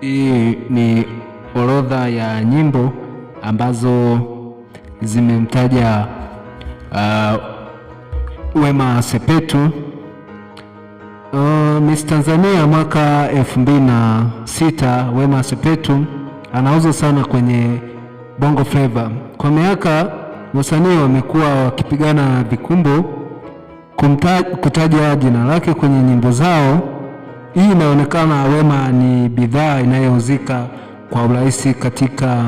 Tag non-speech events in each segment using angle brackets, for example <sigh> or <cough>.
Hii ni orodha ya nyimbo ambazo zimemtaja uh, Wema Sepetu. Uh, Miss Tanzania mwaka sita. Wema Sepetu anauzwa sana kwenye Bongo Flava. Kwa miaka wasanii wamekuwa wakipigana vikumbo kumta, kutaja jina lake kwenye nyimbo zao hii inaonekana Wema ni bidhaa inayouzika kwa urahisi katika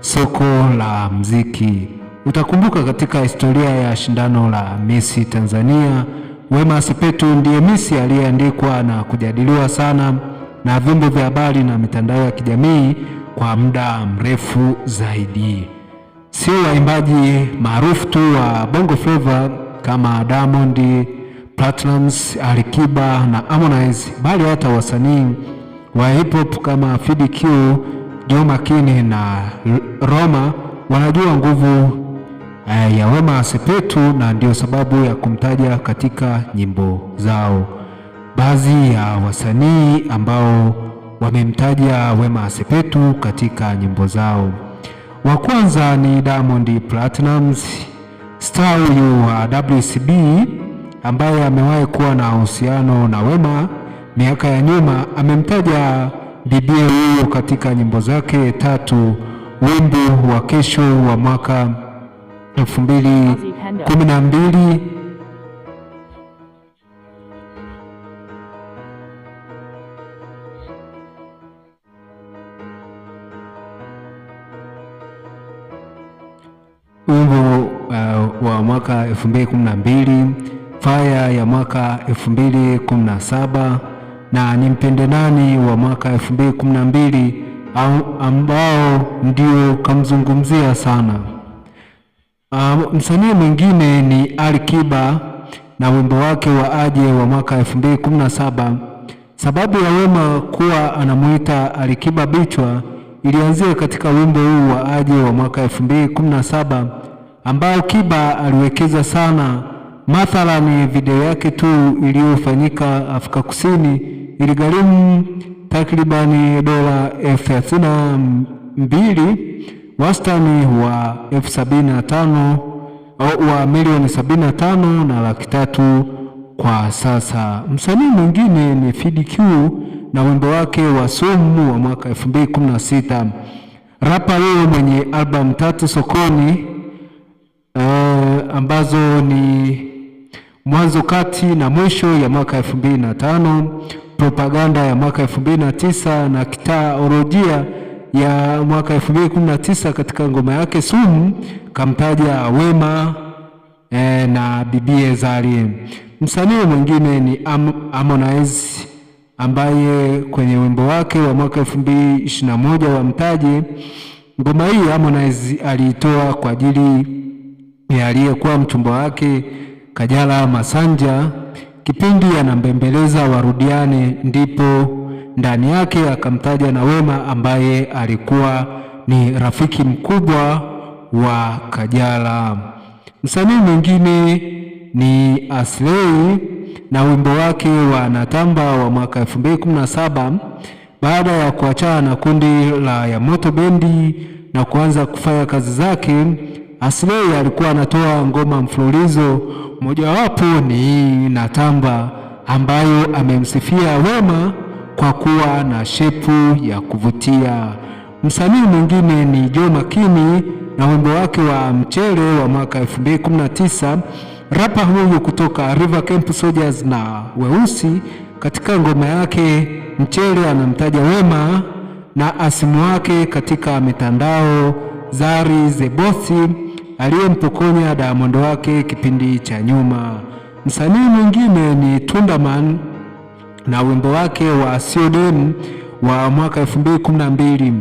soko la mziki. Utakumbuka katika historia ya shindano la misi Tanzania, Wema Sepetu ndiye misi aliyeandikwa na kujadiliwa sana na vyombo vya habari na mitandao ya kijamii kwa muda mrefu zaidi. Sio waimbaji maarufu tu wa Bongo Flava kama Diamond Platinums, Alikiba na Harmonize, bali hata wasanii wa hip hop kama FidiQ, Joh Makini na Roma wanajua nguvu eh, ya Wema Sepetu na ndio sababu ya kumtaja katika nyimbo zao. Baadhi ya wasanii ambao wamemtaja Wema Sepetu katika nyimbo zao, wa kwanza ni Diamond Platinums, Star huyu wa WCB ambaye amewahi kuwa na uhusiano na Wema miaka ya nyuma, amemtaja bibie huyo katika nyimbo zake tatu, wimbo wa kesho wa mwaka 2012 wimbo uh, wa mwaka 2012 Faya ya mwaka 2017 na mpende Nani wa mwaka 2012 ambao ndio kamzungumzia sana. Ah, msanii mwingine ni Alikiba na wimbo wake wa Aje wa mwaka 2017. Sababu ya Wema kuwa anamuita Alikiba Bichwa ilianzia katika wimbo huu wa Aje wa mwaka 2017 ambao Kiba aliwekeza sana mathalani video yake tu iliyofanyika Afrika Kusini iligharimu takribani dola elfu thelathini na mbili wastani wa elfu sabini na tano wa milioni sabini na tano na laki tatu kwa sasa. Msanii mwingine ni Fid Q na wimbo wake wa Sumu wa mwaka 2016. Rapa huyo mwenye albamu tatu sokoni, uh, ambazo ni mwanzo kati na mwisho ya mwaka tano propaganda ya mwaka 2009 na kitaolojia ya mwaka tisa Katika ngoma yake Sumu kamtaja Wema e, na bibie Zari. Msanii mwingine ni Am Harmonize ambaye kwenye wimbo wake wa mwaka moja wa mtaji ngoma hii Harmonize aliitoa kwa ajili ya aliyekuwa mchumba wake Kajala Masanja, kipindi anambembeleza warudiane, ndipo ndani yake akamtaja na Wema ambaye alikuwa ni rafiki mkubwa wa Kajala. Msanii mwingine ni aslei na wimbo wake wa Natamba wa mwaka 2017 baada ya kuachana na kundi la Yamoto Bendi na kuanza kufanya kazi zake aslei alikuwa anatoa ngoma mfululizo, mojawapo ni hii Natamba, ambayo amemsifia Wema kwa kuwa na shepu ya kuvutia. Msanii mwingine ni Joh Makini na wimbo wake wa Mchele wa mwaka 2019. Rapa huyu kutoka River Camp Soldiers na Weusi katika ngoma yake Mchele anamtaja Wema na asimu wake katika mitandao Zari Zebosi aliyempokonya Diamond wake kipindi cha nyuma. Msanii mwingine ni Tundaman na wimbo wake wa Sio wa mwaka 2012.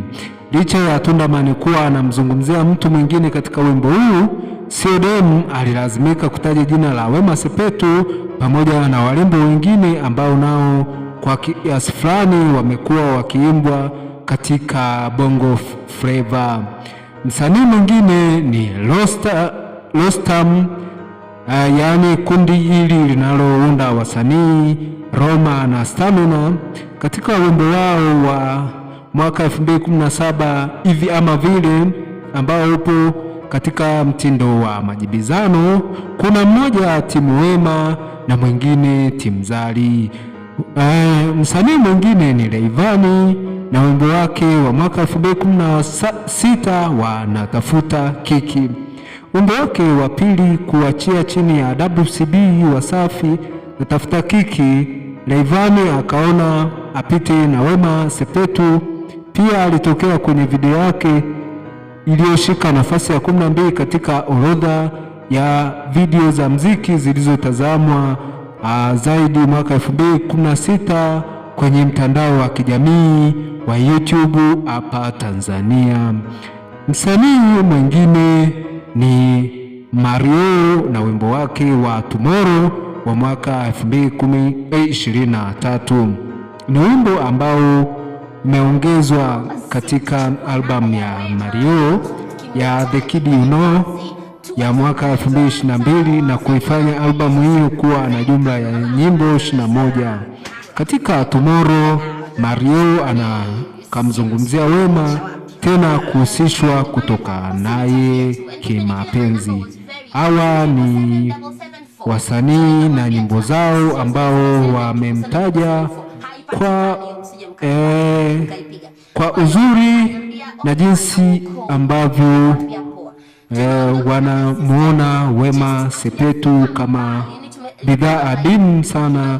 Licha ya Tundaman kuwa anamzungumzia mtu mwingine katika wimbo huu, Sio alilazimika kutaja jina la Wema Sepetu pamoja na walimbo wengine ambao nao kwa kiasi fulani wamekuwa wakiimbwa katika Bongo Flava. Msanii mwingine ni Rostam, uh, ah, yaani kundi hili linalounda wasanii Roma na Stamina katika wimbo wao wa mwaka 2017 hivi ama vile, ambao upo katika mtindo wa majibizano. Kuna mmoja timu Wema na mwingine timu Uh, ah, msanii mwingine ni Rayvanny na wimbo wake wa mwaka 2016 wanatafuta kiki. Wimbo wake wa pili kuachia chini ya WCB Wasafi natafuta kiki, Rayvanny akaona apite na Wema Sepetu. Pia alitokea kwenye video yake iliyoshika nafasi ya 12 katika orodha ya video za mziki zilizotazamwa ah, zaidi mwaka 2016 kwenye mtandao wa kijamii wa YouTube hapa Tanzania. Msanii mwingine ni Mario na wimbo wake wa Tomorrow wa mwaka 2023. Ni wimbo ambao umeongezwa katika albamu ya Mario ya The Kid You Know ya mwaka 2022 na kuifanya albamu hiyo kuwa na jumla ya nyimbo 21. Katika Tomorrow, Mario anakamzungumzia Wema tena kuhusishwa kutoka naye kimapenzi. Hawa ni wasanii na nyimbo zao ambao wamemtaja kwa, eh, kwa uzuri na jinsi ambavyo eh, wanamuona Wema Sepetu kama bidhaa adimu sana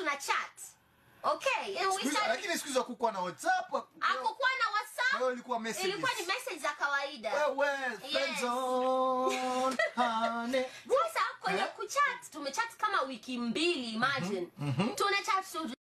tuna chat okay we lakini siku hizo kukua na whatsapp hakukuwa uh, ah, na whatsapp wewe ilikuwa message ilikuwa ni message za kawaida wewe friends <laughs> on sasa kwenye eh? kuchat tumechat kama wiki mbili imagine mm -hmm. tuna chat so